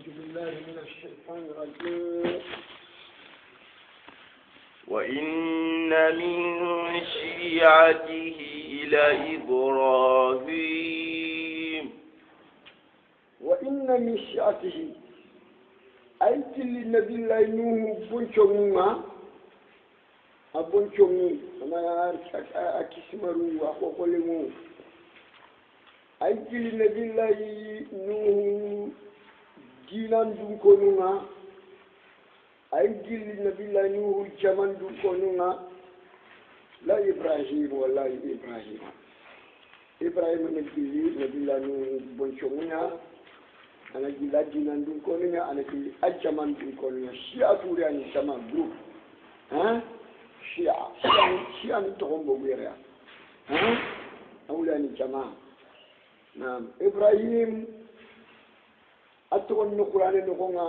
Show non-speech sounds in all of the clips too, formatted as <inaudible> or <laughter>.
وإن من شيعته إبراهيم وإن من شيعته أيت للنبي الله نوح بنشوما أبنشومي أنا أكسمرو أخوكلمو أيت للنبي الله ينوه Jinan dun kono nga. Ay gili nabilanyu jaman dun kono nga. La ebrajibu wala ebrajibu. Ebrajibu nabilanyu bonchon moun ya. Anakilajinan dun kono nga. Anakilajaman dun kono nga. Siya kure anjama blu. Ha? Siya. Siya nito koumbo were ya. Ha? Anjama blu anjama. Na ebrajibu. أتقول نقران نقونا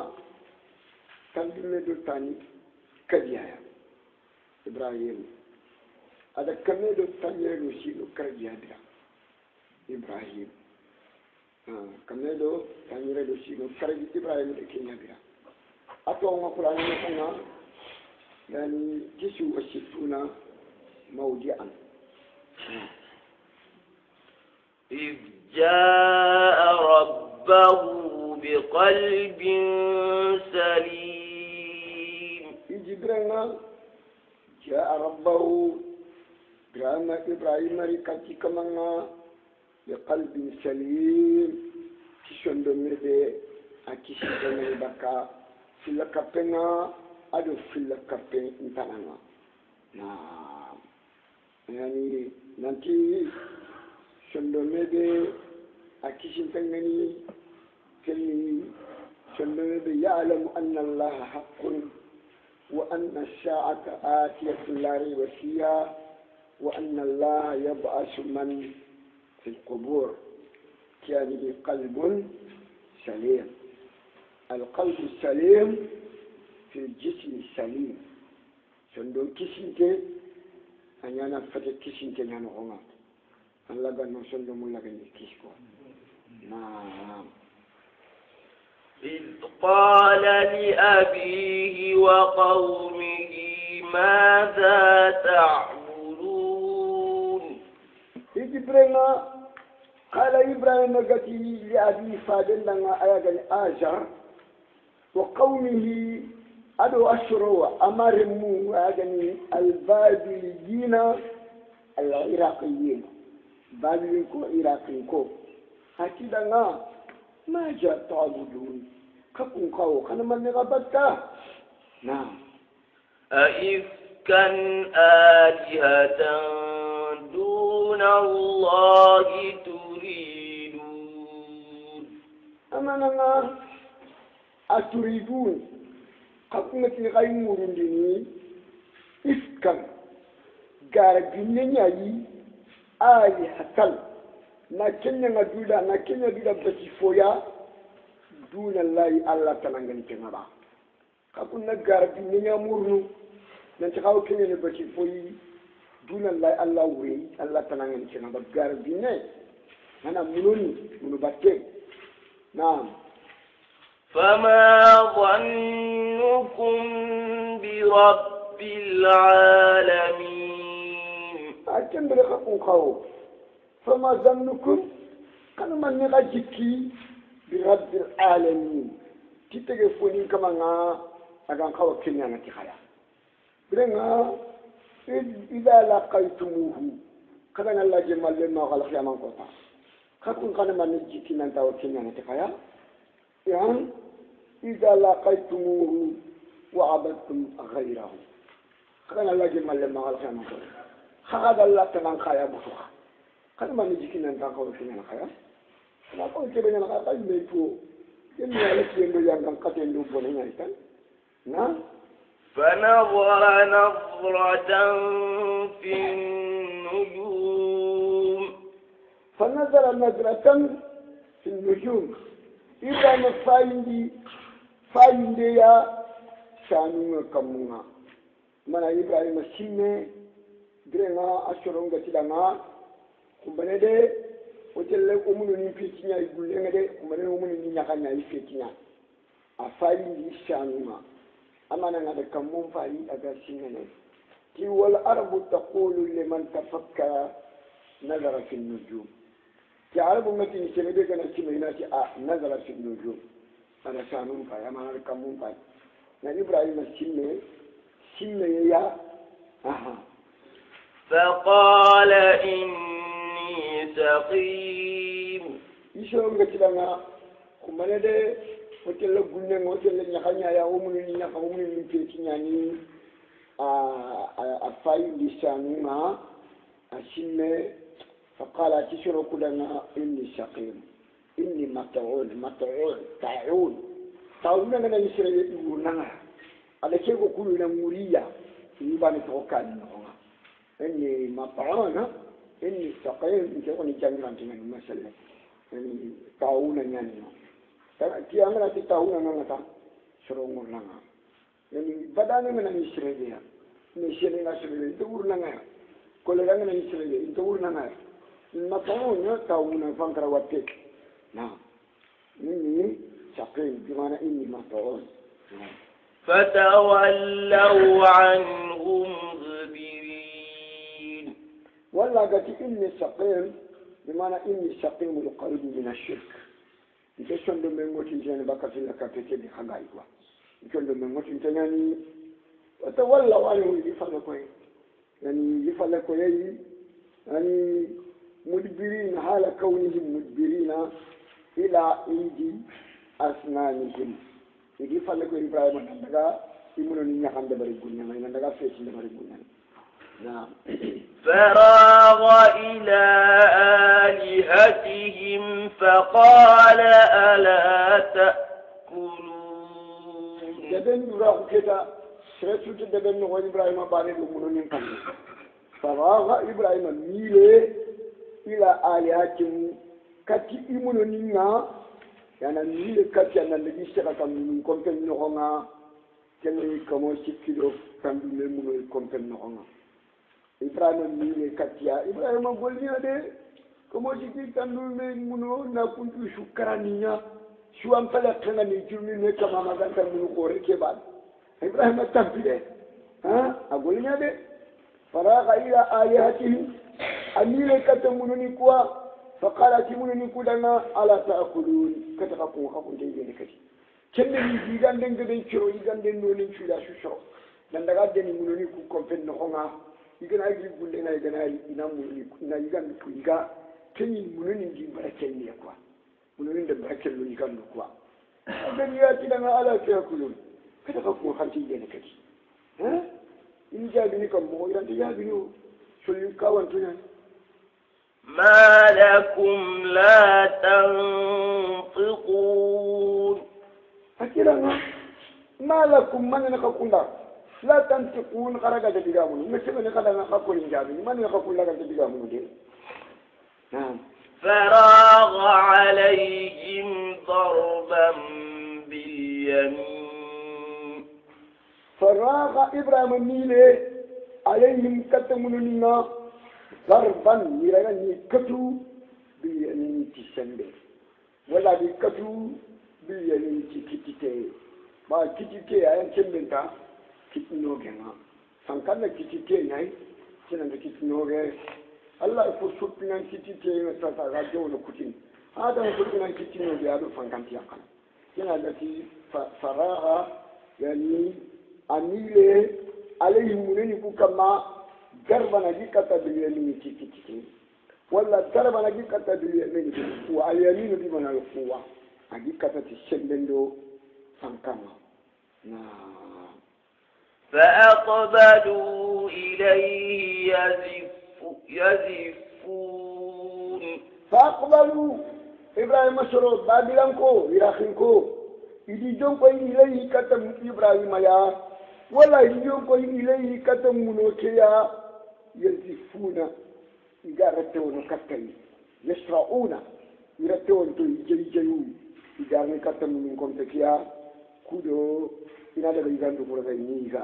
كان بمدو تاني كديايا إبراهيم هذا كمدو تاني روسينو كرديا ديا إبراهيم آه. كمدو تاني روسينو كرديا إبراهيم لكينا ديا أتقول نقران نقونا يعني جسوا وشفونا موجعا إذ جاء ربه بقلب سليم جبرنا جاء ربه برام إبراهيم ركعتي كمانا بقلب سليم كشندو ميدي أكيشي كمي بكا في لكبنا أدو في لكبنا انتنا نعم يعني نانتي شندو ميدي أكيشي تنغني كلمه شباب يعلم أن الله حق وأن الساعة آتية لا ريب فيها وأن الله يبعث من في القبور كان قلب سليم القلب السليم في الجسم السليم سندون كسنت أن أنا فتت كسنت أنا غمات أن لغا نصندم لغا نعم إذ قال لأبيه وقومه ماذا تعبدون إذ برنا قال إبراهيم قتي لأبي فادلنا لنا الآجر آية وقومه أدو أشروا مو أيضا البابليين العراقيين بابلين كو عراقيين كو هكذا ما جاء تعبدون كقن قو كان من غبتا نعم أئفكا آلهة دون الله تريدون أما أنا أتريدون قطمة غير مرندني إفكا قارب النيني آلهة na kenya nga dula na kenya dula bati foya duna lai alla tanangani tengaba kakun na garbi ni nya murnu nan ta kawo kenya ne bati foyi duna lai alla wuri alla tanangani tengaba garbi ne hana munoni munu batte na'am فما ظنكم برب العالمين أتم بلغة قوم فما ظنكم كانوا من نغجكي برب العالمين كي تغفوني كما نغا أغان خوا كنيا نتي خيا بلنغا إذا لقيتموه كذا نالا جمال لما غالخ يا من قطع كاكون كانوا من نجيكي من تاو كنيا نتي خيا يعني إذا لقيتموه وعبدتم غيره كذا نالا جمال لما غالخ يا من قطع خاد الله تنان خيا بخوخ xale ma ni jikki nañ tànkaw ci ñu xaya xanaa ko ci bañ a xaya xaj may ko yéen ñaa la ci yéen doo yàggam xatee ndu bone ñaay tan na فنظر نظرة في النجوم فنظر نظرة في النجوم إذا نفايندي فايندي يا شانونا كمونا ما إبراهيم سيني درينا أشرونا تلانا kumbane de wotelle omunu ni mpitinya igulenge de kumbane omunu ni nyakanya ifitinya afali ndi shanuma amana ngada kamun fali aga singane ti wal arabu taqulu liman tafakkara nazara fi nujum ti arabu ngati ni semede kana simina ti a nazara fi nujum ada shanum fa amana kamun fa na ibrahim simme simme ya aha فقال إن سقيم يشوم كتلنا كمان ده وتلا قلنا وتلا نحنا يا أمور نحنا أمور من كتلنا أفاي لسانونا أسمى فقال تشرك لنا إني سقيم إني مطعون مطعون تعون تعون لنا يسرى يقولنا على كيف يقولنا مريا يبان توكلنا إني مطعون ini sakai mungkin orang jangan ranting dengan masalah ini tahu nanya ni tak dia merasa tahu nanya nanya serong orang ini badan ini nanya istri dia ini istri nanya istri dia itu urut nanya kalau orang nanya istri itu urut nanya ini tahu nanya tahu nanya fangkra wate nah ini sakai di mana ini matang فتولوا عنهم ولا قلت إني سقيم بمعنى إني سقيم القريب من الشرك إنك شون دو منغوت إنجاني بكا في لكابتة دي حقائقوا أيوة. إنك شون دو منغوت إنجاني وتولى وانه يفلقوا يعني يفلقوا يعني يعني مدبرين حال كونهم مدبرين إلى إيدي أسنانهم يفلقوا إبراهيم عندما يمنون إنيا خان دبري ما إنيا خان دبري قلنا نعم. <clears throat> فراغ إلى آلهتهم فقال ألا تأكلون دبن يراه كده دبن نغو إبراهيم بارد ينقل فراغ إبراهيم ميلي إلى آلهتهم كتي إمنون ينقل يعني yana كتي أنا yana legi seka kam mun kompen no honga kene ifrano mine katiya ibrahima golliya de komo siki kandume muno nakuntu sukkaraniya suwan pala kangani jurmi me kama maganta munu kore keban ibrahima tampide ha a golliya de faraga ila alihatihim amine kata mununi kuwa faqala timununi kudanga ala taakulun kata kakun kakun deyene kati kende ni jiganden geden ciro yiganden nonin cuuda susoro nandaga deni mununi ku konfen noxonga igana agi gulle na igana ina muni na igan ku iga kenyi mununin ji baraken ne kwa mununin da baraken lo igan lo kwa dan ya ci dan ala ta kulun kada ka ku hanti ga ne kake eh in ja bi ni kan mo iran da ya bi no so yin kawan tunan ما لكم لا تنطقون فكرنا ما لكم من نقول لا تنتقون غرقة تبقامون مثل من قد نخاكم إنجابي من يخاكم لك تبقامون دي نعم فراغ عليهم ضربا باليمين فراغ إبراهيم النيلة عليهم لنا ضربا يرغني كتو باليمين تسنبه ولا بكتو باليمين تكتتين ما كتتي أين سنبه kitinoge nga sankanna kiti te nai sinanda kitinoge allah ko soppinan kiti te nga sasa ga jewno kutin adam soppinan kitinoge aɗo fankantiya kan sinanda ti faraha yani anile alayhi muneni ku kamma garbanagi katabiyelini kiti kiti walla garbanagi katabiyelini kiti kuwa alyaminu bimanayo kuwa agi katati semben do sankanga na فأقبلوا إليه يزف يزفون فأقبلوا إبراهيم سرو بابلانكو يراخينكو إذا جنكو إليه كتم إبراهيم يا ولا يجنكو إليه كتم منوكيا يزفون إذا رتون كتم يسرعون يرتون تيجي جيون إذا رتون كتم منكم تكيا كودو ina daga igan dubura ga niga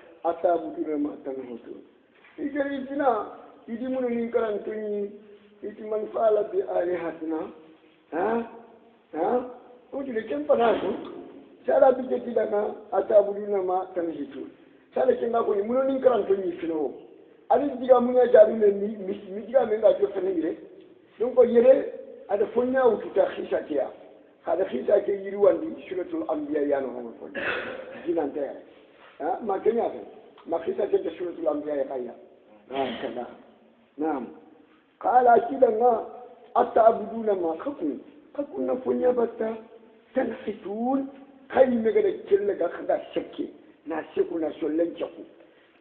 ata butura matang hoto igari tina idi mun ni karan tunyi iti man fala bi alihatina ha ha uti le kempa na sala bi ke tilana ata buduna hoto sala kenga ko ni mun ni karan tunyi fino ali diga mun ya jaru mi mi diga men jo fene donc yere ada fonya ututa khisha kiya kada khisha ke yiri wandi suratul anbiya yano hono ko dinan مجنية مخيطة جد سورة الأنبياء قيا هكذا نعم قال أكيد ما أتعبدون ما خفني قلنا فنيا بتا تنحتون خي مغنى كلك أخذ الشكي ناسكو ناسولن شكو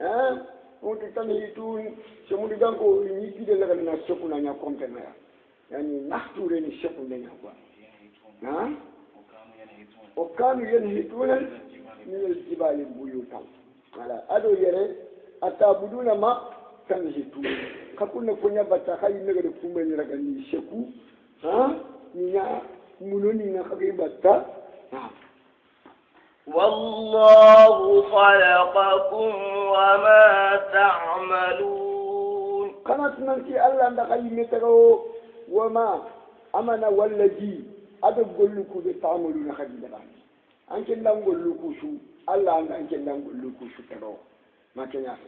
ها وانت تنحتون سمولي دانكو يميكي دلغ ناسكو نانيا كومتنا يعني نحتو لين الشكو نانيا ها وكانوا ينحتون min aljibali buyutan wala ado yere atabuduna ma tanhitu kakunna kunya bata hay mega de kumbe ni raga ni sheku ha ni nya muno ni na kage والله خلقكم وما تعملون كانت ننتي الله عندك أي وما أمنا والذي أدب قل بتعملون تعملون anke nango lukusu alla an anke nango lukusu taro makanya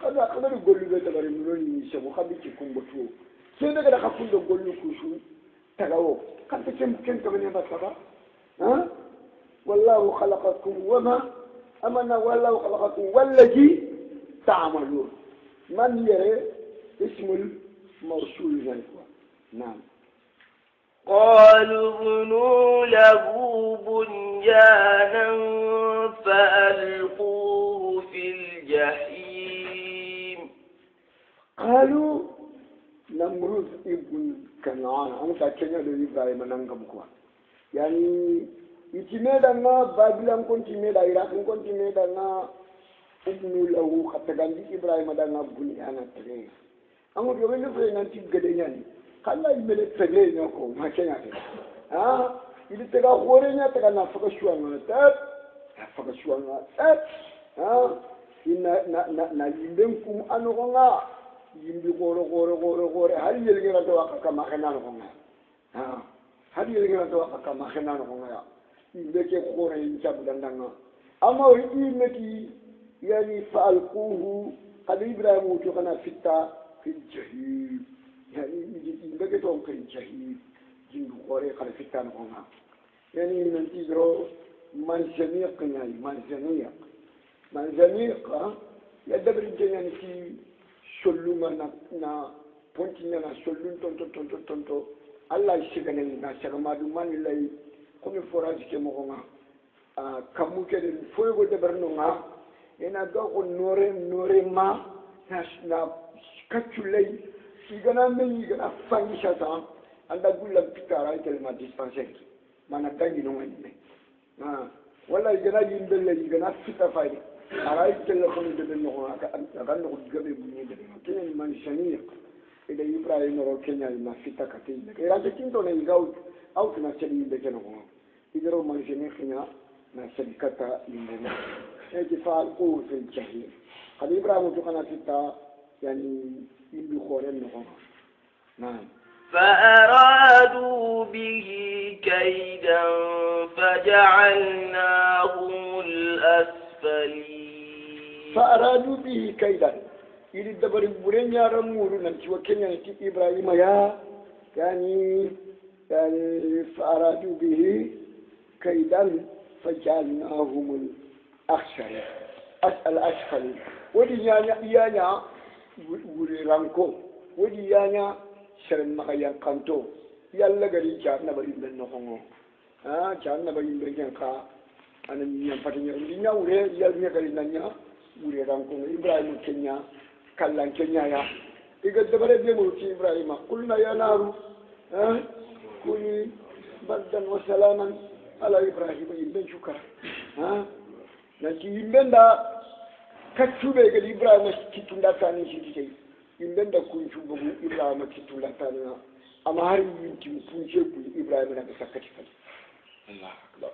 kada kada ni gollu be tabari muloni ni sego kabi ci kumbo tuo sai daga da kundo gollu kusu tagawo kan ta kem kem kamane ba saba ha wallahu khalaqakum wama amana wallahu khalaqakum wallazi ta'malun man yare ismul mawsul zalika na'am xal vnou lagou bunjana, fa alpou ou fil jahim. Xal ou, nam ruf ibn kanwana, an sa chenye li libra iman an gamkwa. Yani, itimeda nga, babila mkon timeda, irak mkon timeda na, vnou la wu, katagandi libra iman da nga buni an atre. An wote, an wote, an wote, an wote, kana imele tsele n y o ko ma kenya ke ha ili tega hore nya tega na faka s h w a na tap na faka s h w a na tap ha ina na na na yimbe kum ano ko nga yimbi gore gore gore gore har yel n g a to aka kama k e n a no ko nga ha har yel n g a to aka kama k e n a no ko nga yimbe ke gore ncha budandanga ama o i m b e ki yani fa alquhu qad ibrahim to kana fitta f i jahim يعني مجيتين بقى تونقين جهيد جنب قوري قال في التانقونا يعني من تجرو من زنيق يعني من زنيق من زنيق آه؟ يا دبر يعني في شلو ما نا بونتي نا شلو تونتو تونتو تونتو الله يشغلنا لنا شغما دومان الله كم فراج كمغنا kamu kelen foyi ko dabar no nga ina ga ko nore nore ma de meñi igana fangi satan anda gulla pitara telma de ki mana danginongani me walla igana yimbelle igana fita fayi aray téléphone deɓe nogo aga nogo gaɓe buñe deɓema keñani man Il y a un keñani ma fitta kate yimɓeke irante kintone iga un seɗi yimɓe ke nogoga de man sani na seɗi katta yimbema eki faal qour fel cahir xad ibrahima de xana fitta yani نعم فأرادوا به كيدا فجعلناهم الأسفلين فأرادوا به كيدا إلى الدبر بورين يا رمور نمشي وكين إبراهيم يا يعني يعني فأرادوا به كيدا فجعلناهم الأخسرين أسأل أسفلين يا يا يا wuri ranko ha, wuri yanya sharin maka yankanto yalla gari ki an nabari ben no hongo ha ki an nabari ben ken ka an mi yan patin yan din ya wuri yalla ne gari nan ya wuri ranko ibrahim kenya kallan kenya ya iga dabare be mu ci ibrahim kulna ya naru ha kuni baddan wa salaman ala ibrahim ben shukra ha na ki ben da kaccube gadi ibrahima kittuɗattani siti sey yimɓen dakkuy cubagu ibrahima kittuɗattanina amma har yintim punce kuy ibrahima naga sakkati kadi allah akbar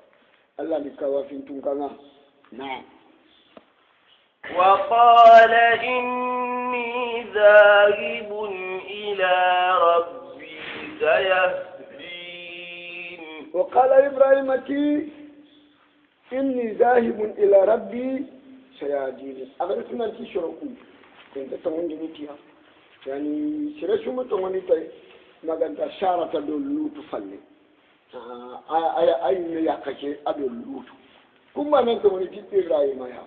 allah mi tun fintun kanga naam وقال إني ذاهب إلى ربي سيهدين وقال إبراهيم إني ذاهب إلى ربي saya sayadini agani tunanti soro ku ente tongondinitiya yani sere sumu tongonditay maganta sarata do luutu falle ayinne yakkake aɗo luutu kumma nan tongoni tiɗɗo ibrahimaya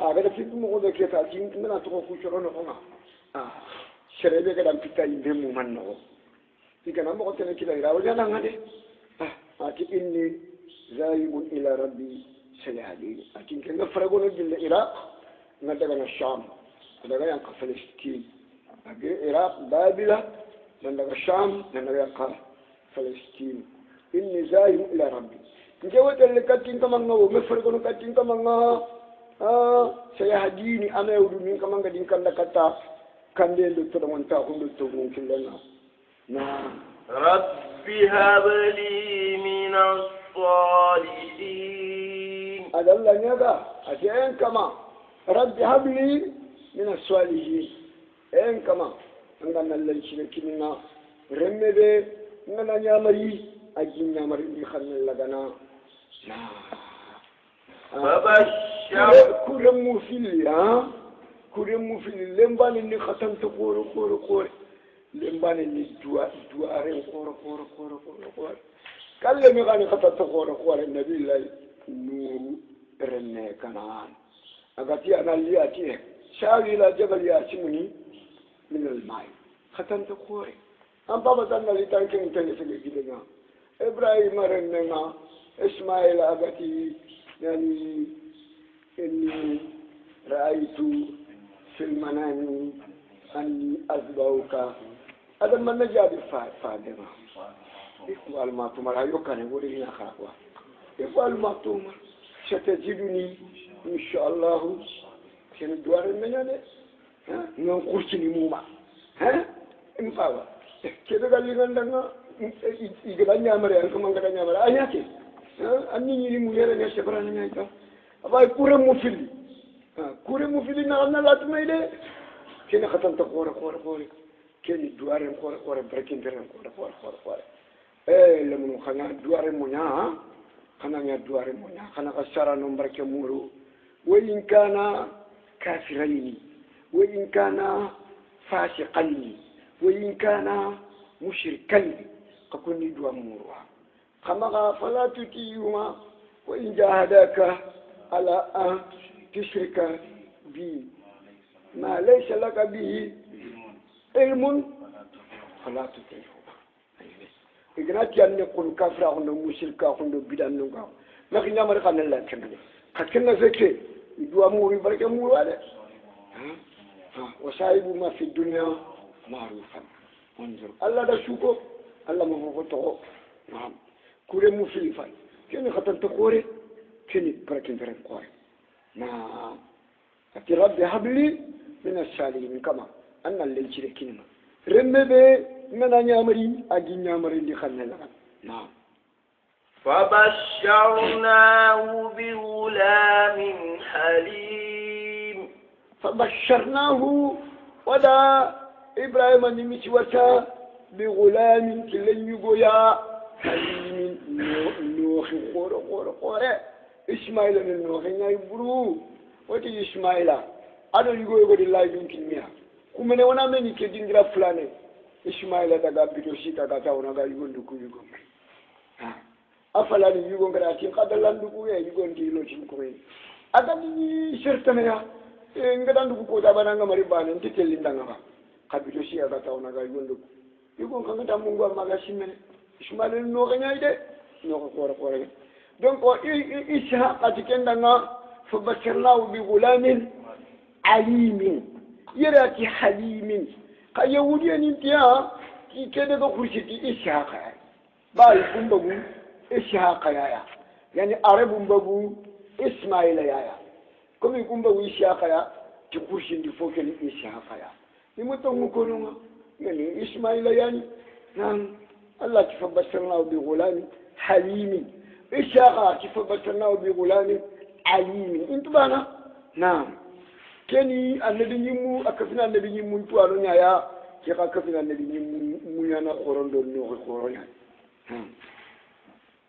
agata fiɗɗumogonɗo keta mena togo ku Ah, nogonga serebe gaɗan pitta yimɓe muman nogo igana mogo tene kiɗaira wajanaga de Ah, ti ah, ah, ah, inni zahibun ila rabbi سنهالي لكن كنا فرقون من العراق ندقنا الشام ندقنا ينقى فلسطين العراق بابلة ندقى الشام ندقى ينقى فلسطين إني زايم إلى ربي نجوت اللي كاتين كمان نو مفرقون كاتين كمان آه سيهديني أنا يودوني كمان قدين كان لكتا كان لي دكتور وانتا هم دكتور ممكن لنا نعم ربي هب لي من الصالحين أدل نبا أتين كما رب هب لي من الصالحين إن كما أننا اللي شرك منا رمي بي أننا نعمري أجينا مرئي خلنا لغنا فبشر كرمو في اللي ها كرمو في اللي لنبان اللي ختمت قور قور قور لنبان اللي دوار دوارين قور قور قور قور قور قال لي مغاني ختمت قور قور النبي الله من رن كنعان أغتي أنا اللي أتيك شاوي إلى جبل يعصمني من الماء ختمت خوري أم بابا دنا اللي تانكين تاني في الجدنا إبراهيم رننا إسماعيل أغتي يعني إني رأيت في المنام أني أذبحك هذا من نجاب فاطمة إخوة المعتمر أيوكا نقول هنا خلاص يقول المعطومة ستجدني إن شاء الله كان الدوار المنانة ها ننقرش نموما ها إمباوا كده قال لي عندنا يقول أني أمري أنكم أنك أني أمري أني أتي أني يلي مجالة نعم، أنا شبران أنا إيتا أباي كورة مفيلي كورة مفلي نعنا لا تميلي كان ختم تقورة قورة قورة كان الدوار قورة قورة بركين درن قورة قورة قورة قورة إيه لما نخلنا الدوار المنانة خنانيا دوار مونا خنا قصرا نمبر كمورو وإن كان كافرين وإن كان فاسقين وإن كان مشركين قكن دوا موروا خما فلا تطيعهما وإن جاهداك على أن تشرك بي ما ليس لك به علم فلا تطيعهما igana tiyanne kono kafra hono musirka hono bidan nunga maki ñamari xa nella kemene xa kenna feke iduwa muri barke muruwa de wa sahibu ma fi dunia marufan onjor allah da suko allah ma fofo toxo naam kure mu fili fay kene xatanta koore kene barakinferen koore naam ati rabbi habli min asalihin kama annan lencire kinima rembe ɓe Mwen a nyamrin, agi nyamrin li khanne lak. Nan. Fabashar na hu bi gulamin halim. Fabashar na hu, wada, Ibrahim an di misi wasa, bi gulamin ki len yugo ya halimin nohi. Koro, koro, kore. Ismailan en nohi ya Ibru. Wete Ismailan. Adon yugo yugo di laibin ki nmiya. Kou mene wana meni ke dindira flanen. ishumaili atakapitoshika akataona kaliko nduku yuko ah. afalani yuko ngati kadala nduku ye akati shertana ya nduku kota maribane ntitelinda ngaba kapitoshika akataona kaliko nduku yuko mungu amagashimene ishumaili nokanyaide nokakora kora donc ishaq atikendanga fabashirnahu bigulamin alimin yirati halimin قيودي أن كي كده بخرشتي إشهاق يعني باي كن بقو إشهاق يا يعني عرب بقو إسماعيل يا كم يكون بقو إشهاق يا تخرشين دي فوق الإشهاق يا يمتو مكونوا يعني إسماعيل يعني, يعني نعم الله تفبشرناه نعم keni annabi ñimmu a kafina annabi ñimmun tuwano ñaya ke xa kafina annabi ñimmu muñana xorondon noxi xoroñani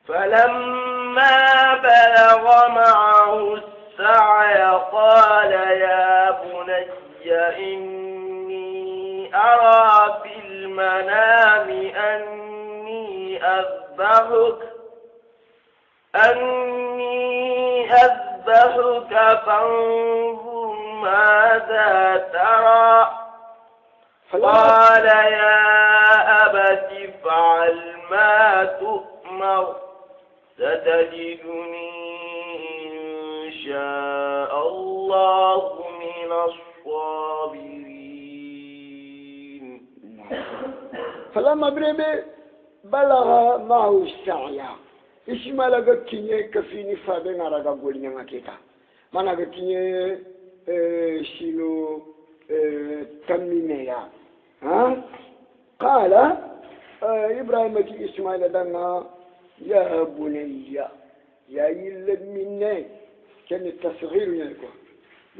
فلما بلغ معه السعي قال يا بني إني أرى في المنام أني أذبحك أني أذبحك فانظر ماذا ترى قال يا أبت افعل ما تؤمر ستجدني إن شاء الله من الصابرين فلما بريبي بلغ معه السعي إيش ما لقى كنيه كفيني فابين على قبول نمكيكا ما لقى آه، شنو آه، تمينيا ها قال آه، إبراهيم إسماعيل دنا يا بني يا يلد مني كان التصغير يلقى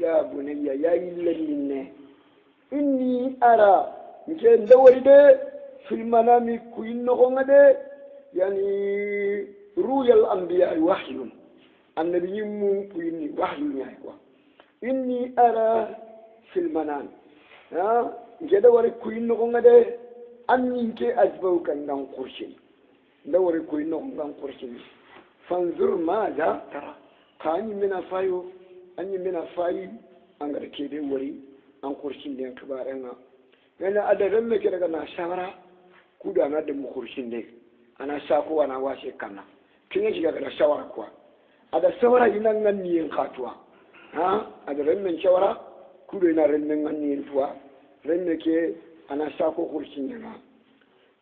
يعني يا بني يا يلد مني إني أرى مثل دوري في المنام كوين نغمد يعني رؤيا الأنبياء وحي النبي مو كوين وحي يلقى يعني inni ara filmanan ngeda wari kuyinnoxongade an ninke ajbaw kan ngan kursin nda wari kuyinnoxo ngan kursin fanzur mada tara ka a ñimmena fayo a ñimmena fayi angada kede wari an kursinden kibarenga gana ada remme ke daga na shawara kuda ana demu kursinde ana sako ana washe kana kinga jiga da shawara kuwa ada shawara yinan nan niyin katuwa ha ada remmen cawara kuɓena remmen ganniyen tuwa remme ke ana sako kursiñama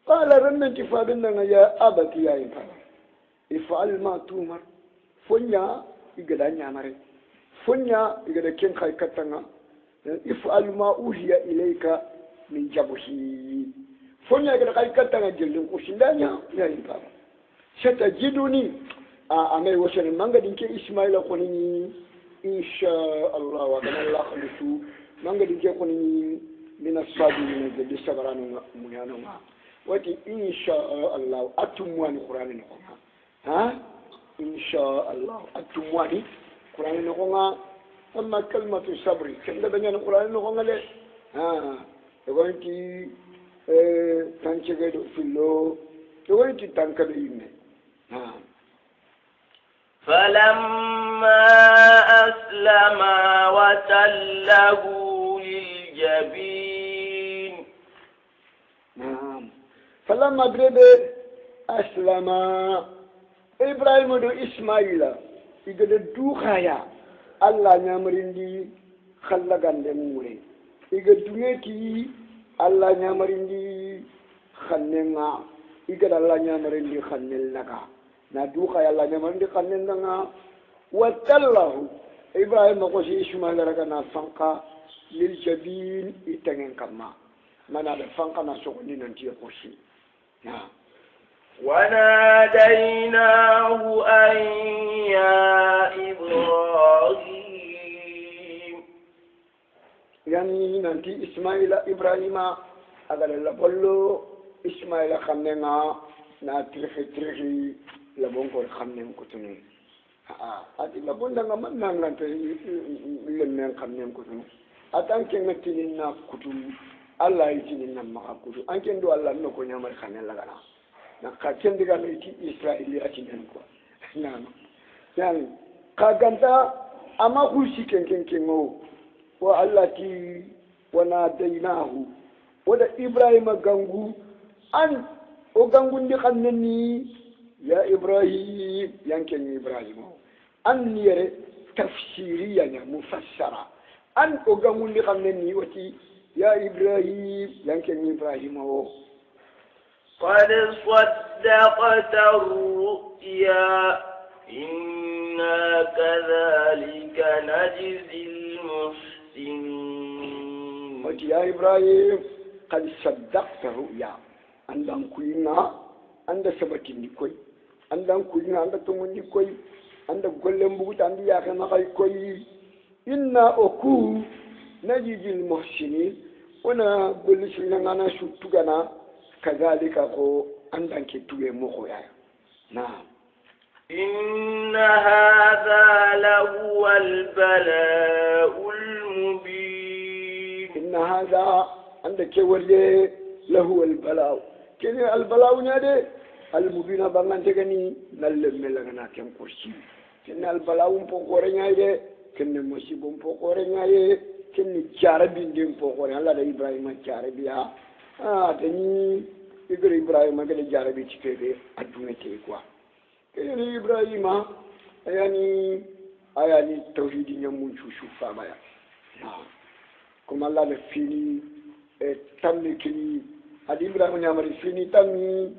qala remmen ti faɓennaga ya abati ya en fala ifal ma tumar foña igaɗa ñamare foña igaɗa ken hay kattanga ifal ma uhiya ilayka min jabuhi foña igaɗa hay kattanga jellin kursindaña ya en fala satajiduni a amay wosene manga ke ismaila konini insha allah wa kana allah khalisu mangadi je ko ni min asabi ni je disagaranu mu yana ma wati insha allah atumwani qur'ani ni ko ha insha allah atumwani qur'ani ni ko nga amma kalmatu sabri kende banya ni qur'ani ni ko nga le ha e ko ki e tanche ga do fillo to ko ki tanka do yinne ha فلما أسلما وتله للجبين نعم فلما بريد أسلما إبراهيم دو إسماعيل إجد دوخايا الله نعمرين دي خلقان دي موري إجد دونيكي الله نعمرين دي خننا إجد الله نعمرين دي خنن نادوخا يلا نمان دي قنن دنا وتلله ابراهيم نكو شي شما غركا للجبين يتنين كما ما نال فانقا نا شغل نين نعم وناديناه أن يا إبراهيم يعني نانتي إسماعيل إبراهيم أغلى لبولو إسماعيل خنينا ناتريخي تريخي labonkol e xamnen kutunu aa ah, ati ah, labondanga man nanganta lemmen xamnen kutunu ata anke nga tinin na kutum alla yi e tinin na maka kutu anke ndo alla no ko nyamar xamen e lagana na ka ken diga me ti israeli ati nen ko <laughs> nano yani ka ganta ama kursi ken ken ken o wa alla ti wana dainahu wada ibrahima gangu an o gangundi ni يا إبراهيم ينكن إبراهيم أن يرى تفسيريا مفسرا أن أقام لغم نيوتي يا إبراهيم ينكن إبراهيم قد صدقت الرؤيا إنا كذلك نجزي المحسنين قلت يا إبراهيم قد صدقت الرؤيا أن لنكوينا أن سبتني كوي andan kujina anda tongondi koy anda golle mbuguta andi yakenakay koy inna oku najiji lmuhsinin wona golle sirinangana suttugana kazalika ko andanke tuge mokoyaya naam إن هذا لهو البلاء المبين إن هذا عندك ولي لهو البلاء كذا البلاء نادي almubina bangantegani nallemme lagana ken kursi kenne albalawun pokoreñaye kenne mosibon pokoreñaye kenne carabindin pokore alada ibrahima carabiya atani igara ibrahima gede jarabi tikede addunete quoi keyene ibrahima ayani ayani tawhidi ñammun cuucu famaya comme allah da fini e tammi kini adi ibrahima ñamari fini tammi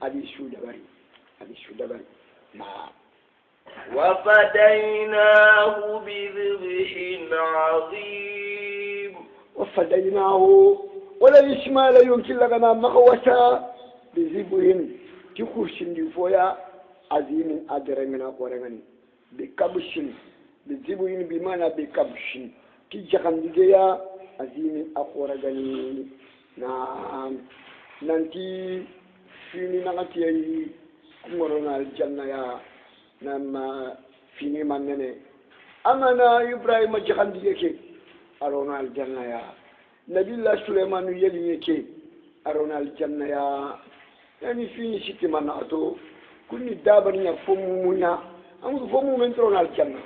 abishuhuda bari abishuhuda bari naam wafadainahu bidhibhin adhim wafadainahu wala ismaila yonkillagana makawata bizibhin ti kursindi foya azimin adaremina korengani bikabshin bizibhin bimana bikabshin ti jakandigeya azimin akoragani na nanti fini naxatiya yi kungorona aljannaya nama fini mannene amana ibrahima jahandiye ke arona aljannaya nabillah souleymanu yeliye ke arona aljannaya yani fini sittima naxato kunni dabaniya fo mumuña amudu fo mumen torona aljanna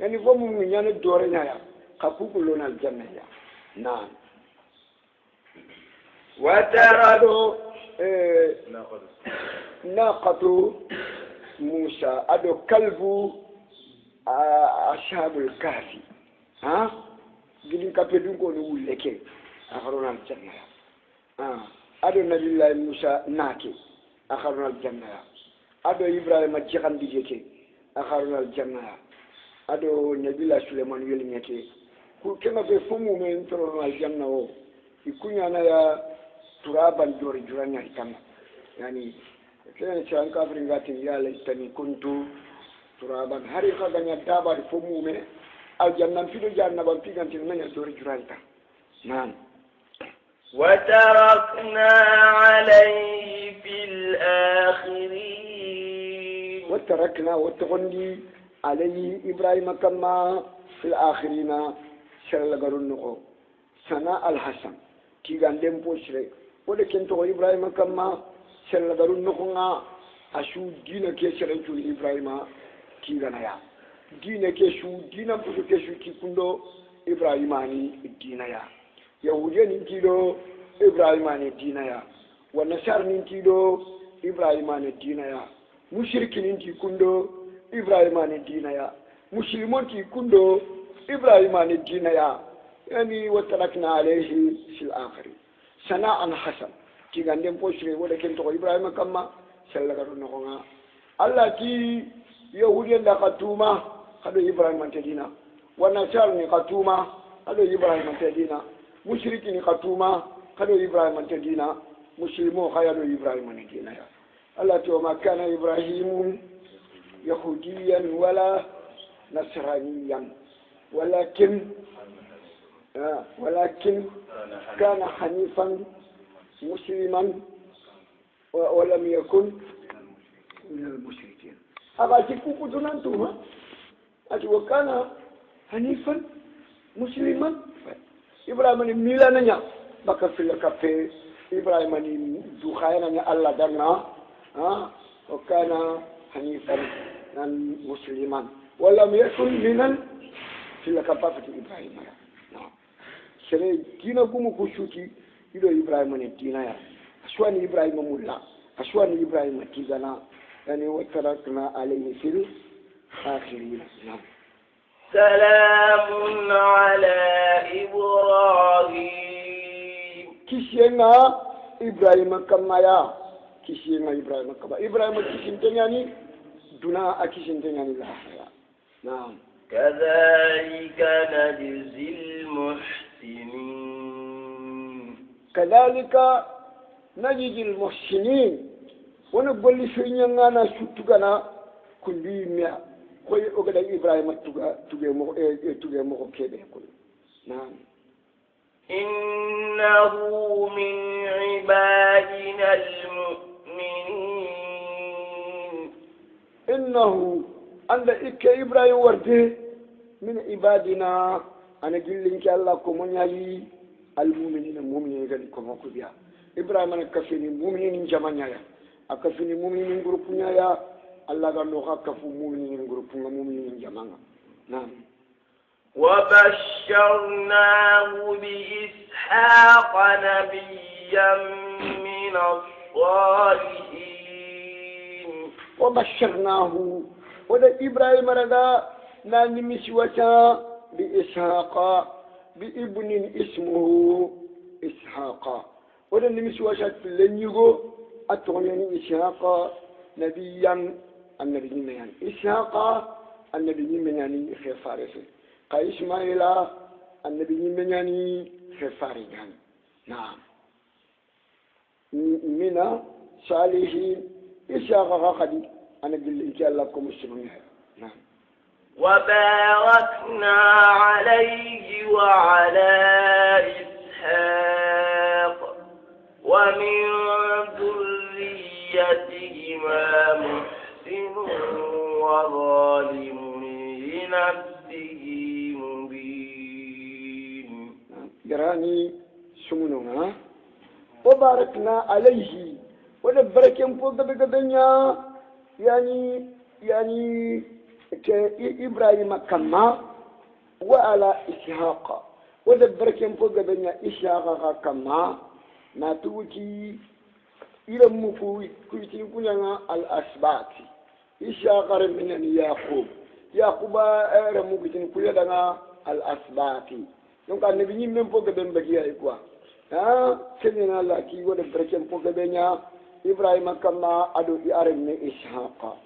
yani fo mumu ñane dooreñaya xa kukullona aljannaya naam watarado Eh, naqatu musa aɗo kalbu ashabul kafi ha gilin kappe dun ko no wulle ke akaronal jannaya ado nabillahi musa naake akaronal jannaya aɗo ibrahima jihandi ke akaronal ado aɗo nabila yeli welñeke ku kenga ɓe fo mumen torono janna o i kuñanaya ترابا دور جرانا كم يعني كان شان كافر غاتي يا ليتني كنت ترابا هاري قد ان يتابع فمومه او جنن في جنن بنتي كانت من دور جرانا نعم وتركنا عليه في الآخرين وتركنا وتغني عليه إبراهيم كما في الآخرين شرل قرنقو سنا الحسن كي قال بوشري ولكن تو إبراهيم كما سلا دارون نخونا أشو دينا كي سلا تو إبراهيم كي غنايا دينا كي شو دينا بسو كي شو كي كندو إبراهيم أني دينا يا يهوديا نكيلو إبراهيم أني دينا يا ونصار نكيلو إبراهيم أني دينا يا مشركين نكي كندو إبراهيم أني دينا يا مسلمون كي كندو إبراهيم أني دينا يا يعني وتركنا عليه في الآخرين سناء حسن كي غان ديم بو شري ودا كين تو ابراهيم كما سلا غارو نكونا الله كي يهودي لا قتوما قد ابراهيم تدينا ونصار ني قتوما قد ابراهيم تدينا مشركين ني قتوما قد ابراهيم تدينا مسلمو خيالو ابراهيم تدينا الله تو ما كان ابراهيم يهوديا ولا نصرانيا ولكن آه، ولكن كان حنيفا مسلما ولم يكن من المشركين أبا تكوكو أنتم أجل وكان حنيفا مسلما إبراهيم ميلانا نيا بكر في الكافي إبراهيم دوخاينا نيا الله درنا وكان حنيفا مسلما ولم يكن من في الكافة إبراهيم sene dina gumu ko shuti ido ibrahim ne dina ya aswani ibrahim mulla aswani ibrahim ibrahima tigana yani wa tarakna alayhi fil akhirin salam سلام ala ibrahim kishena ibrahim kamaya kishena ibrahim إبراهيم ibrahim إبراهيم كشين duna دنا أكشين تنياني na كذلك نجزي المحسنين المحسنين كذلك نجد المحسنين ونقول لسوين أنا شتغنا كل يوم كوي أقول إبراهيم تجا تجا مغ تجا مو كبه كل نعم إنه من عبادنا المؤمنين إنه أن إك إبراهيم ورده من عبادنا أنا جلّي الله كم يعي المؤمنين المؤمنين كان كم كبيا إبراهيم أنا كفيني مؤمنين إن جمعنا يا أكفيني مؤمنين غروبنا يا الله كان لوكا كفو مؤمنين غروبنا مؤمنين إن جمعنا نعم وبشرناه بإسحاق نبيا من الصالحين وبشرناه وده إبراهيم رضا نعم مشوشا بإسحاق بابن اسمه إسحاق ولن مسواشات في اللنيغو أتغنين إسحاق نبيا النبي ميان إسحاق النبي ميان خير فارسي كإسماعيل النبي ميان خير فارسي نعم من صالحين إسحاق غاقدي أنا قل إن شاء الله كم نعم وباركنا عليه وعلى إسحاق ومن ذريتهما محسن وظالم لنفسه مبين جراني سمنونا وباركنا عليه ونبرك ينفض بقدنيا يعني يعني ibrahima kamma wa ala ishaqa wada barken fo gabeña ishaqa xa kamma natuguti iram mu ku kuitini kuñanga al asbati ishaqa reminani yaqub yaquba remu kitini kuyadanga al asbati donc annabi ñimmen fo gaben bagiyay quoi a keñana la ki wada barken fo gabeña ibrahima kamma aɗo i arenme ishaqa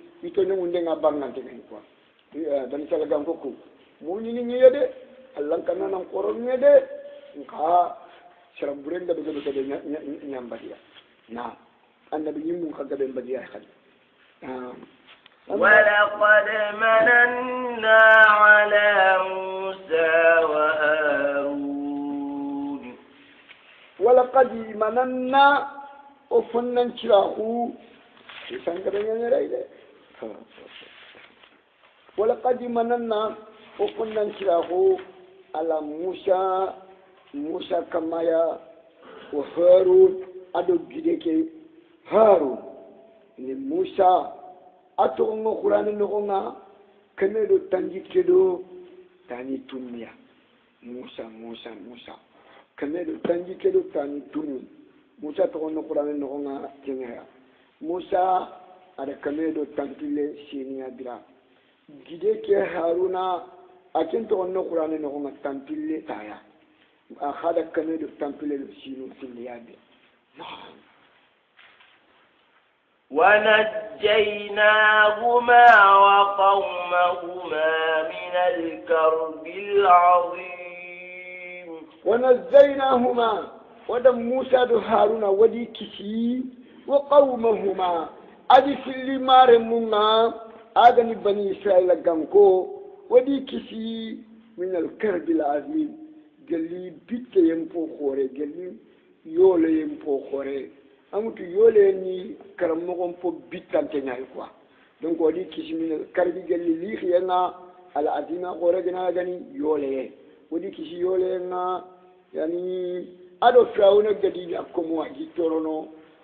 ito ni munde nga bang nante ngi ko ah, dan sa lagam ko ku mu ni ni ya de allah kan nan koro ni de ka sharam buren da bege bege nyam badiya na annabi ni mun ka gabe badiya khali ala Musa wa موسى وهارون ولقد مننا وفنن شراه في سنكرين يا ريدي ولقد مننا وقلنا نشراه على موسى موسى كمايا وهارون أدو جديك هارون موسى أتوغن قرآن نغنى كنلو تنجي كدو تاني تنمية موسى موسى موسى كنلو تنجي كدو تاني تنمية موسى تغن قرآن نغنى كنها موسى aɗa kame ɗo tankille seniya bira gide ke haruna akin to onno qur'ani no ma tantile taya akhada haɗa kame ɗo tampille ɗo sino silliya ونجيناهما وقومهما من الكرب العظيم ونجيناهما ودم موسى هارون ودي كسي وقومهما adi sillimare munga agani bani israila ganko Wadi kisi min alkarbi Admin gelli bitte yen po yole gelli po hoore amutu Yole ni karammogon quoi donc Wadi kisi min Geli gelli Al ala adima hooregena gani yole kisi Yolena yani ado fawna gadi a komo a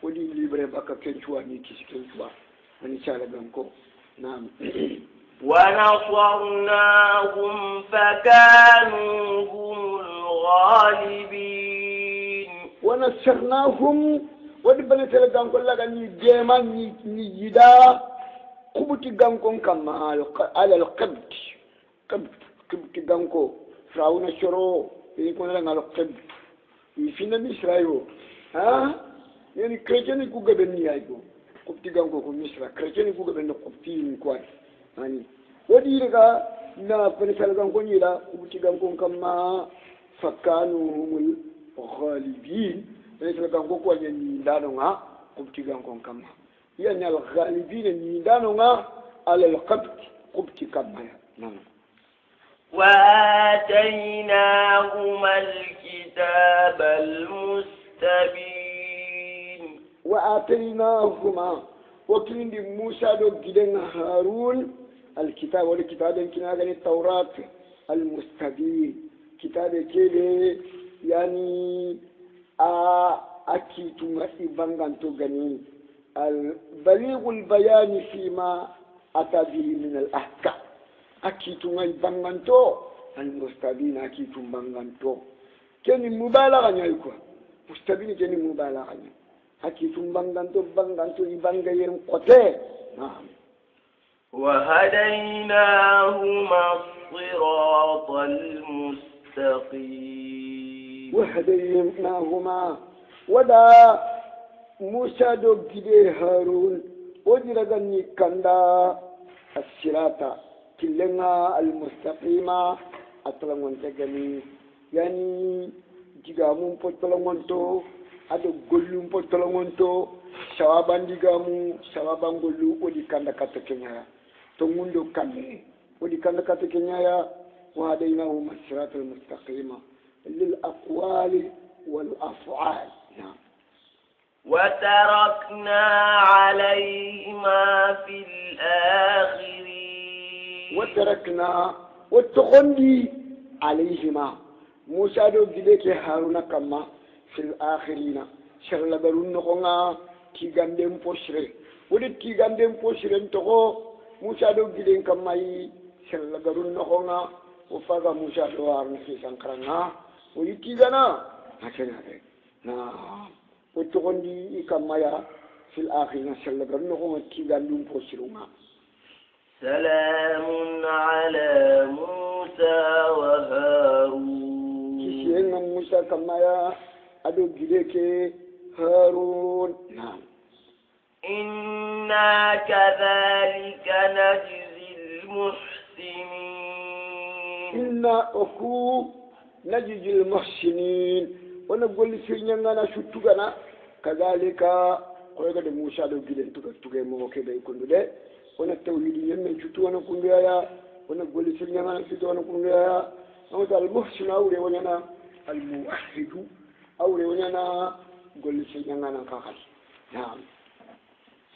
woɗi libre bakka kencuwa ni kisi kencuwa ani calagan ko nam ونصرناهم فكانوا هم الغالبين ونصرناهم ودي بنتل غانكو لا ني جيما ني يدا كبتي غانكو كما على القبط قبط كبتي غانكو فراونا شرو يكون لنا القبط في نبي اسرائيل ها yani kreteni ku gaben ni aygo kopti gango ko misra kreteni ku gaben no kopti ni ani wadi daga na fani sal gango ni la kopti gango kamma fakanu humul ghalibin ne sal gango ko ni ndano nga kopti gango kamma yani al ghalibin ni ndano nga ala al qabt kopti kamma nan وآتيناهما الكتاب المستبين wa atainahuma wakilindi musa do giden harun alkitab wala kitaben kinagani taurat almustabin kitabe kele yani a akituma ibanganto gani البليغ البيان فيما أتى به من الأحكام أكيتم بانغانتو المستبين أكيتم بانغانتو كان مبالغة نيكو مستبين كان مبالغة حكي ثم بانغان تو بانغان نعم وهديناهما الصراط المستقيم وهديناهما ودا موسى دوغيدي هارون وديرغني كندا الصراط كلنا المستقيم أتلون تجمي يعني جيغامون بطلون تو aɗo gollumpo tologonto sawabandigamu sawabangollu oɗi kanda katto keñaya to gundo kamɓe oɗi kanda katto keñaya وهديناهما الصراط المستقيم للأقوال والأفعال نعم وتركنا عليهما في الآخرين وتركنا وتخندي عليهما موسى دو جليك هارون كما fil akhirina sharla barun no nga tiganden posire wodi tiganden posiren togo musa do giden kam mai sharla barun no nga o faga musa do arun fi sankaranga o yitigana akena re na o togondi ikamaya fil akhirina sharla barun no nga tigandum posirunga سلام على موسى وهارون كيشين موسى Musa kamaya adogileke harun naam inna kadhalika najzi lmuhsinin inna oku najzi lmuhsinin wona golli sirñangana suttugana kadhalika koygade moussa ɗo giɗen tuga tuga moo keɓe konduɗe wona tawhidi yemmen suttu wona konduyoya wona golli sirñangana suttu wona konduyoya amata almuhsinu awre wonana almuwahidu awre wonana golle se ñanganan kan hay nam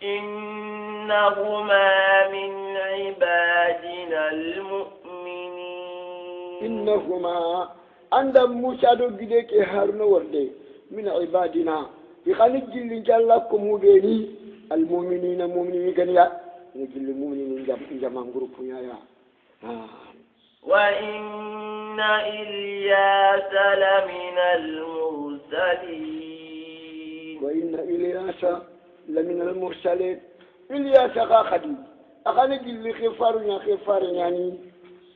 innahuma min ibadina almuminin innahuma anda musado gide ke harno worde min ibadina i xani jillinjalla komuɓeni almuminina muminini ganiya ene jilli muminini jama groupe ñaya ah. وإن إلياس لمن المرسلين وإن إلياس لمن المرسلين إلياس غاخدي أغاني قل لي خفار يا خفار يعني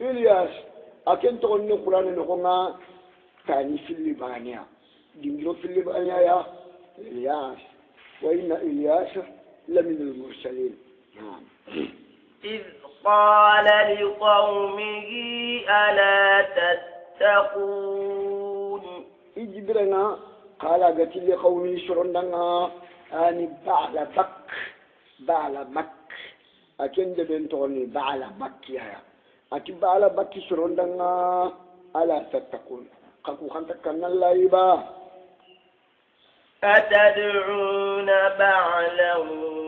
إلياس أكن تغني القرآن نقوما تاني في اللبانيا دمجرو في اللبانيا يا إلياس وإن إلياس لمن المرسلين نعم إذ قال لقومه ألا تتقون إجبرنا قال قتل لقومه شعرنا أني بعل بك بعل مك أكين جبن تغني بعل بك يا أكي بعل بك شعرنا ألا تتقون قاكو خانتك كان الله يبا أتدعون بعلا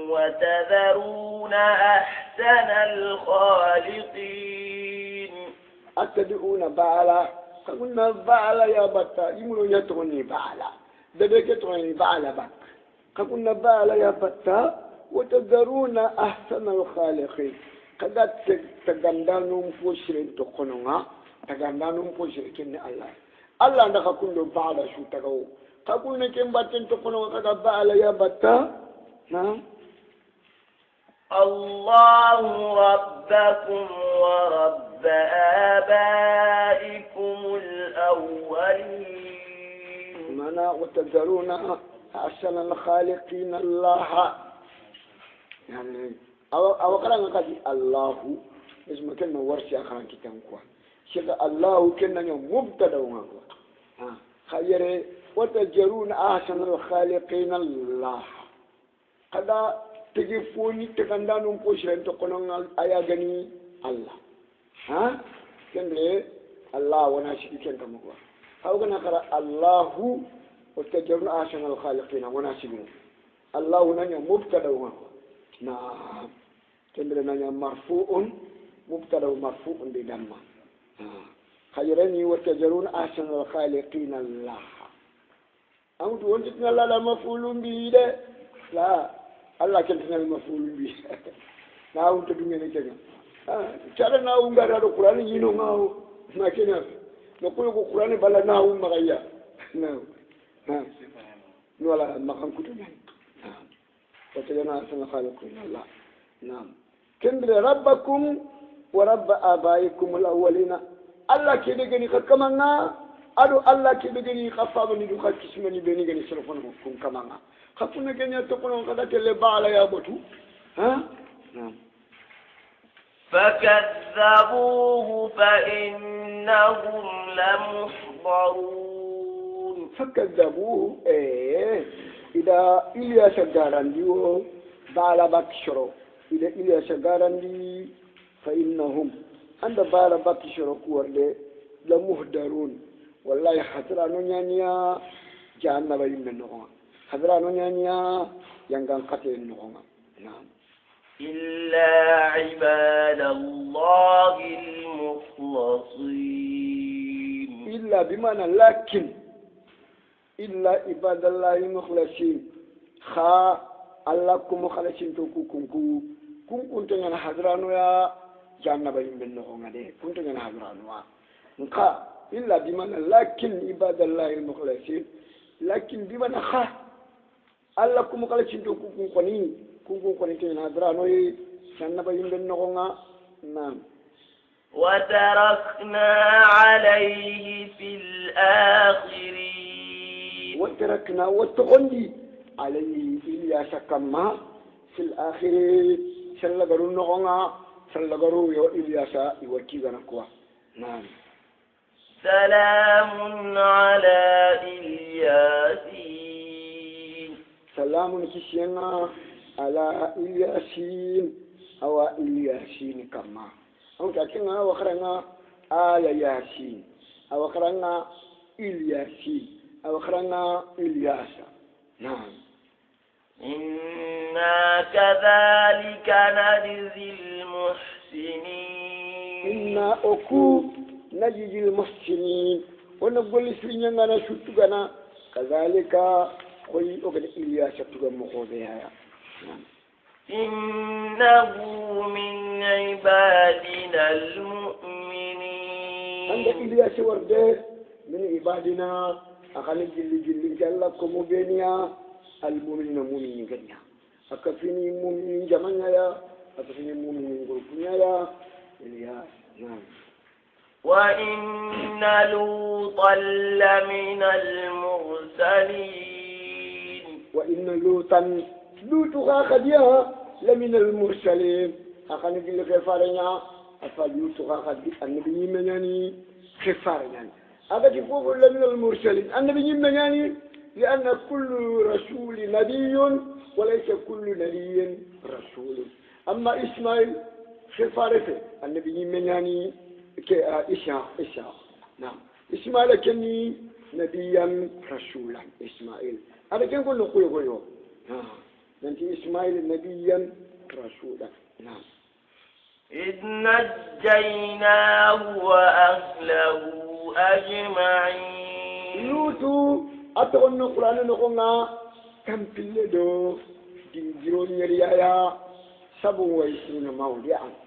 وتذرون أحد أحسن الخالقين أتدعون بعلا قلنا بعلا يا بطا يمنو يتغني بعلا بدك يتغني بعلا بك قلنا بعلا يا بطا وتدرون أحسن الخالقين قد تغندانو مفوشرين تقنونا تغندانو مفوشرين كن الله الله عندك كن بعلا شو تغو قلنا كم باتن تقنونا قد بعلا يا بطا نعم الله ربكم ورب آبائكم الأولين منا وتذرون أحسن الخالقين الله يعني أو أو قرأنا قد الله اسم كلمة ورسي أخرى كتنكوا شيخ الله كنا مبتدا ونقوا ها خير وتجرون أحسن الخالقين الله هذا tege foni tegandanum ko to konon aya gani allah ha kende allah wana shi ken kama quoi hawgana kara allahu o al asan wana shi sigino allahu naña mubtadau mubtada wa na kende marfu un marfuun mubtada marfuun ɗi damma khayrani wa tajarun al alhaliqina allah amutu wontitina la mafulun bi de la allah ke keltinal mafulu mbi <laughs> nawunta ɗumene kega cara nawum na qurane ñino ngawo ma keñas no koyo ko qurane balla nawum maxaya <laughs> naw wala maxan ko ta yana san xalakum allah na'am kendre rabbakum wa rabb abaikum alawalina allah ke keɗegeni kakkaman na aɗo allah keɓe gani xa faɓani du xa kismani ɓeni gani téléphone ko kun kamanga xa kuna genia tokonon xaɗa tele baala ya ɓotu a فكذبوه فإنهم لمحضرون فكذبوه إيه إذا إلياس قارنديو بالا بكشرو إذا إلياس قارندي فإنهم عند بالا بكشرو كورد لمحضرون والله حضرة no جانا بين yimme حضرة hadira ينقل قتل yangan نعم إلا عباد الله المخلصين إلا بمعنى لكن إلا عباد الله المخلصين خا الله كم مخلصين توكو كنكو كن كنت أنا حضرانو يا جانا بين بنو هنا نعم. كنت أنا حضرانو نقا إلا بمعنى لكن عباد الله المخلصين لكن بمعنى خا الله كم مخلصين تكون كوني كون كوني تين هذا نوي سنة بيمن نعونا نعم وتركنا عليه في الآخرين وتركنا وتغني عليه إلياس كما في الآخرين سلغرو نعونا سلغرو يو إلياس يوكي نعم سلام على إلياسين سلام كسينا على إلياسين أو إلياسين كما أو كنا وخرنا آل ياسين أو خرنا إلياسين أو خرنا إلياسا نعم إنا كذلك نجزي المحسنين إنا أكوب نجد المحسنين ونقول لسرين أنا شتغنا كذلك خوي أقل إليا شتغن مخوضيها نعم إنه من عبادنا المؤمنين عند إليا ورده من عبادنا أخلي جل جل جل كم بينيا المؤمنين مؤمنين جنيا أكفيني مؤمنين جمعنا يا أكفيني مؤمنين قلوبنا يا إلياس نعم وإن لوطا لمن المرسلين وإن لوطا لوطا خديا لمن المرسلين أخانا قل غفارنا أفا لوطا خدي النبي مناني خفارنا أبدا فوق لمن المرسلين النبي مناني لأن كل رسول نبي وليس كل نبي رسول أما إسماعيل خفارته النبي مناني عائشة عائشة نعم إسماعيل كني نبيا رسولا إسماعيل هذا كان يقول قوي قوي أنت إسماعيل نبيا رسولا نعم إذ نجيناه وأهله أجمعين نوتو لوتو أتغن القرآن نقولنا كم في اللدو دين جرون ريايا سبو ويسرون مولي عنه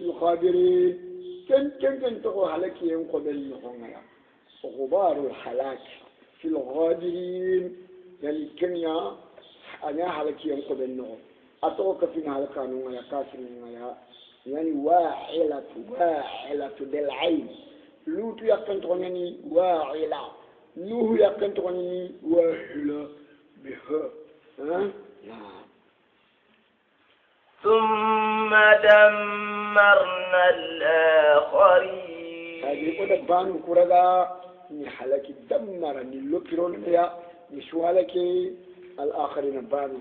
الخابرين كن كن كن تقو يوم قبل الهنا غبار الحلاك في الغادرين يعني كن يا أنا يوم قبل النور أتوقع في هلك أنا يا كافر يا يعني واحلة واحلة بالعين لوت لوط يقن تغنيني واعلة يا كن تغني يعني واحلة يعني بها ها أه؟ ثم دمرنا الآخرين هذه قد بانو كرغا ni halaki dammara ni lokiron ɗaya ni shuhalake al'akari na banu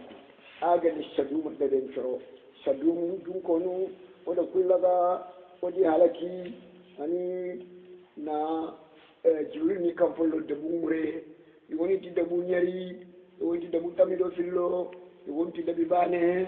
aga ni sadumu da dentro sadumu dun konu wada kullaga wadi halaki ani na eh, jibril ni kan follo dabu mure iwoni ti dabu nyari iwoni ti dabu tamido fillo iwoni ti dabi bane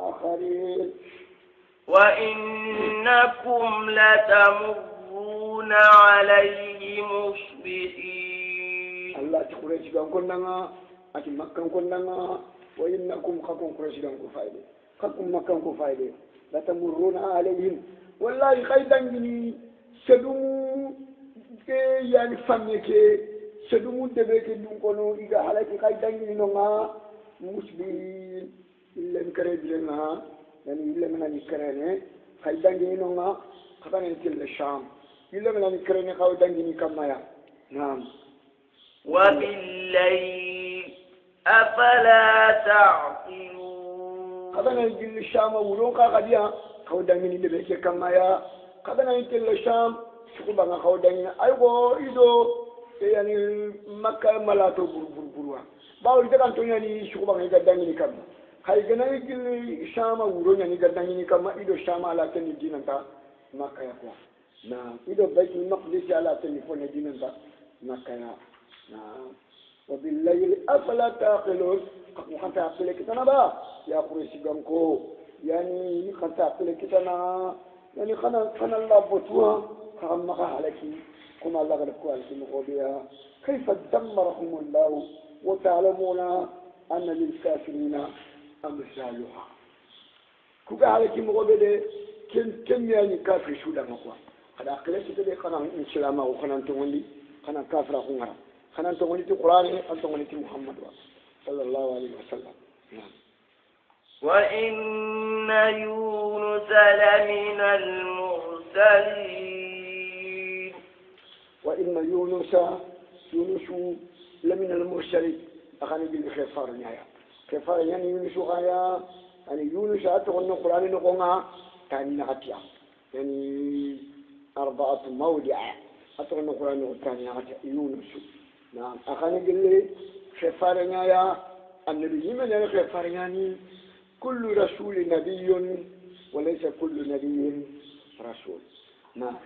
آخرين وإنكم لتمرون عليه مصبحين الله تخرج بان كنا أتي مكة كنا وإنكم خكم خرج بان كفايدة خكم مكة كفايدة لتمرون عليهم والله خيدا جني سدوم يعني فمك سدوم دبك دون كونو إذا حالك خيدا جني نعا مصبحين illen kare birenga yani ille mena ni karene kay dangi no nga khabane til sham ille mena ni karene kaw dangi ni kamaya naam wa billayl afala ta'qilun khabane til sham wulon ka kadiya kaw dangi ni de ke kamaya khabane til sham sukuba nga kaw dangi ay go ido yani makka malato buru buru buru wa bawo ita kan tonya ni sukuba nga dangi ni kamaya haigana igili shama wuro nya ni gadan ni kama ido shama ala teni dinan ta makaya ko na ido baitul maqdis ala teni fo ne dinan ta makaya na wa bil layl afala taqilun ko hanta akile kitana ba ya quraishi gamko yani ni hanta akile kitana yani kana kana la botwa kam maka halaki kuma Allah ga ko alki mu biya kaifa dammarahum Allah wa ta'lamuna أن للكافرين أمثالها كوكا على كي مغبدة كم كم يعني كافر شو لما قوى على قلة تبي قنا إن شاء الله وقنا تقولي كافر أخونا قنا محمد صلى الله عليه وسلم وإن يونس لمن المرسلين وإن يونس يونس لمن المرسلين أغاني بالخفار نهايه كفر يعني يونس غايا يعني يونس أتغن القرآن نقوم تاني يعني نغتيا يعني أربعة مودع أتغن القرآن تاني يعني نغتيا يونس نعم أخانا قل لي كفر يعني النبي من كفر يعني كل رسول نبي وليس كل نبي رسول نعم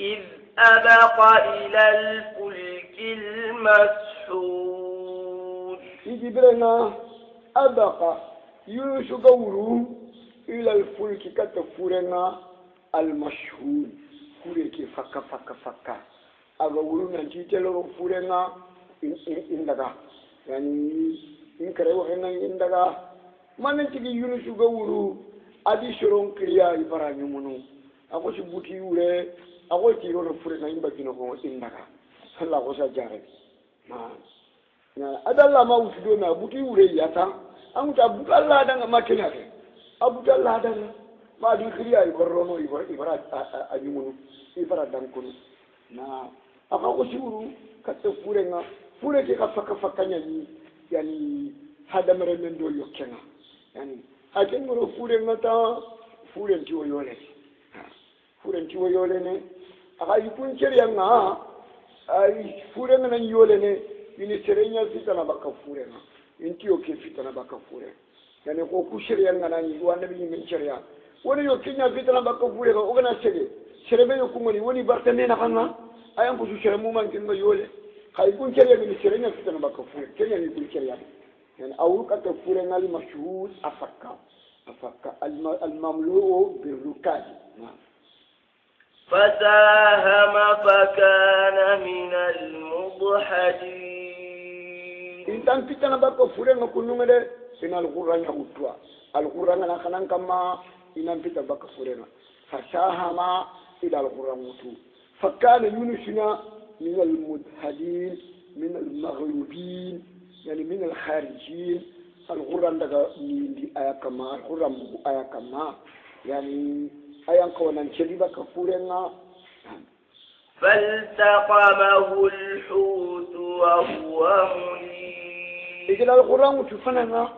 إذ أبق إلى الفلك المسحور يجبرنا أبقى يوشك ورو إلى الفلك كتفورنا المشهور كوريك فكا فكا فكا أغا ورو نجيت لغا فورنا إندغا يعني إنكري وحنا إندغا ما نتيجي يوشك ورو أدي شرون كريا إبراني منو أخوش بوتي وري أخوش تيرون فورنا إنبا جنوكو إندغا الله غصة جاربي ما adalla ma wuti do na buti wure ya tan an wuta butalla dan ma kina ke abutalla dan ma di khiriya ibarrono ibar ibara ajimunu ibara dan kunu na aka ko shiuru ka ta fure nga fure ke ka faka faka nyanyi yani hadamare men do yokkena yani aken ngoro fure nga ta fure ti o yole fure ti o yole ne aka yipun kiriya nga ay fure nga nan yole ne na fitana bakafurena intiyoke fitana bakafurena yani ko ku shariya na ni wanda bi min shariya woni yo kinya fitana bakafurena o gana sege serebe yo kumoni woni bartane na kanna ayan ku shariya mu man kinga yole kai kun shariya minisere nya fitana bakafurena shariya ni kun shariya yani awru ka tafurena al mashuhud afakka afakka al mamluu bil rukaj na'am فساهم فكان من المضحدين intan kitana bakko furenga kunnungede sina alqur'an yahutwa alqur'an ngana kanan kama inan pita bakka furenga fasahama ila alqur'an mutu fakana yunusina min almudhadin min almaghrubin yani min alkharijin alqur'an daga yindi aya kama alqur'an mugu aya kama yani ayan kawanan cedi fure furenga فالتقمه الحوت وهو منكر igil alquran wutu fananga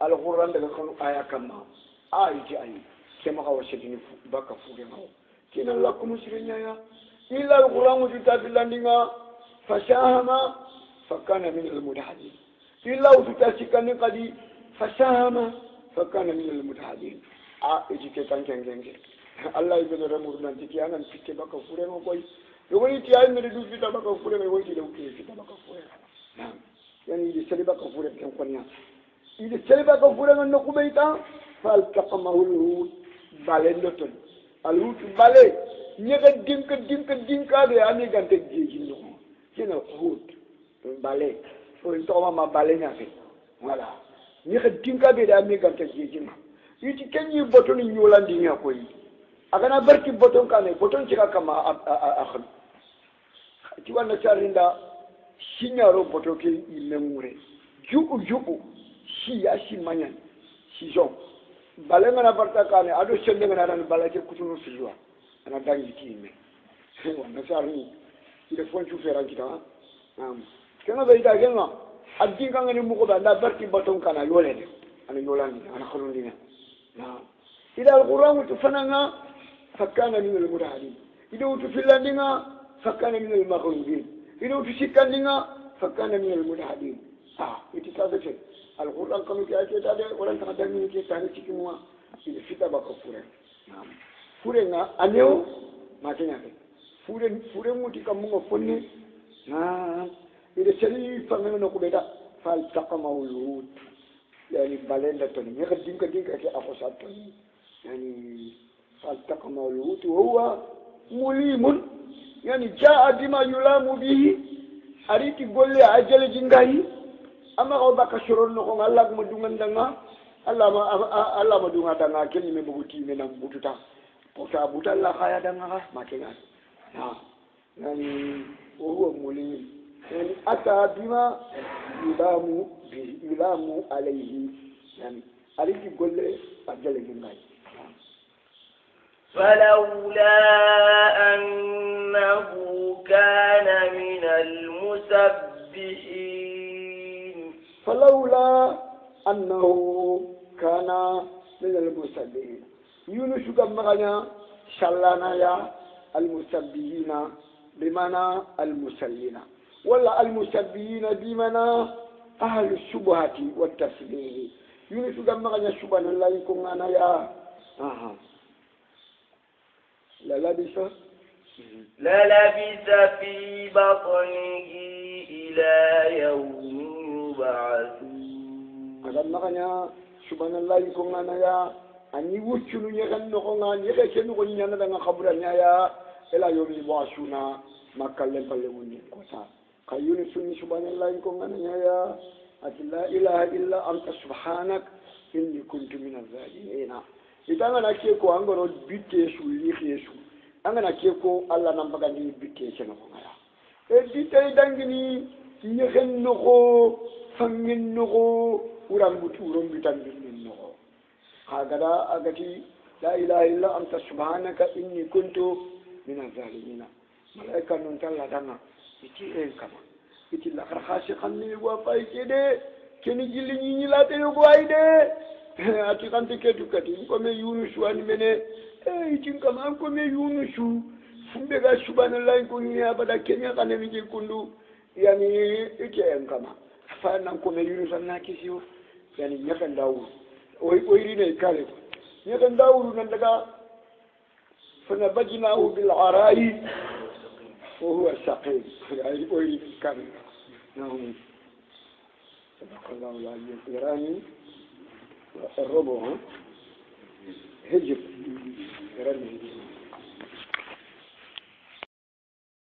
alquran daga kanu aya kamma ayi ji ayi kema kawa shedini baka fuge ngawo kina la kuma shirinya ya ila alquran wutu tabilandinga fashahama fakana min almudahidin ila wutu tashikani qadi fashahama fakana min almudahidin a ijike kankengenge allah ibedore murnanti kiyanan pikke baka fuge ngawo koy yogoni tiyayi mede du fita baka fuge ngawo yogoni tiyayi mede du fita baka fuge ngawo يعني إذا سلبا قفورة كم قنيا إذا سلبا سلب قفورة عن نقبيتا فالتقمه الهود بالين دوتون الهود بالي نيجا دينك دينك دينك هذا يعني عندك جيجي نقوم كنا الهود بالي فإن توما ما بالي يعني ولا نيجا دينك هذا يعني جيجي جيجين يجي كن يبطل يولان دنيا كوي أكنا بركي بطل كاني بطل شكا كما أخن تقول نشارين ده sinyaro botoke imengure juu juu si ya si manyan si jom balengana barta kane ado sende ngana dan balake kutunu filwa ana dangi kime wanda sarni ile fonchu feran kita am kana da ida genna adin kanga ni muko da barki baton kana yole ne ana yolani ana khuluni ne na ila alquran tufananga fakana min almudahilin ida utufillandinga fakana min almaghlubin إنه تشكى لنا فكان من الملحدين آه يتساسة شيء القرآن كم يتعطي هذا ولا تقدر من يتعطي تكموا إذا فتا بقى فورا نعم فورا نا أنيو ما تنعك فورا فورا موتي كم مو فني نعم إذا سري فمن نقبله فالتقمه الوت يعني بالين لتوني يقدم كدين كأي أفساتوني يعني فالتقمه الوت وهو مليم yani jaa bima yulamu bihi ariti golle a jaleji ngayi ama o baka soron no ko Allah ma dungan danga Allah ma Allah ma dunga danga kenni me bugu ti me nan bututa ko ta buta Allah khaya danga ha ma kenga ha yani o huwa muli yani ata bima yulamu bihi yulamu alayhi yani ariti golle a jaleji فلولا أنه كان من المسبحين فلولا أنه كان من المسبحين يونس كما مغنى شلانا يا المسبحين بمعنى المسلين ولا المسبحين بمعنى أهل الشبهة والتسبيح يونس كما مغنى شبهة لا يكون أنا يا أها لا لبث في بطنه إلى يوم يبعثون أغنى غنى سبحان الله يكون أنا يا أني وشنو يغن نغن أني غشن نغن يانا دعنا خبر أني يا إلى يوم يبعثون ما كلم فلموني كوسا كيون سني سبحان الله يكون أنا يا أتلا إله إلا أنت سبحانك إني كنت من الظالمين ita ngana ke ko angoro bitte shu lihi shu angana ke ko alla nan baga ni bitte ce no ngaya e bitte dangini ye gen no ko fangin no ko uran butu uran bitan bin ko kagada agati la ilaha illa anta subhanaka inni kuntu min zalimina malaika non talla danga iti en kama iti la kharkhashi khanni wa faikide keni jilli ni la te yo de Eh, ati kanti ketu kati nkome yunusu ani mene eh, iti nkama nkome yunusu fumbe ga subhanallah nkunya abada kenya kane miji kundu yani ite eh, nkama fa nan kome yunusu na kisiyo yani nyakan dawu oyi oyi ne kale nyakan dawu nan daga fana bajinahu bil arai wa huwa saqim yani نعم صدق الله العلي الإيراني الربع هجب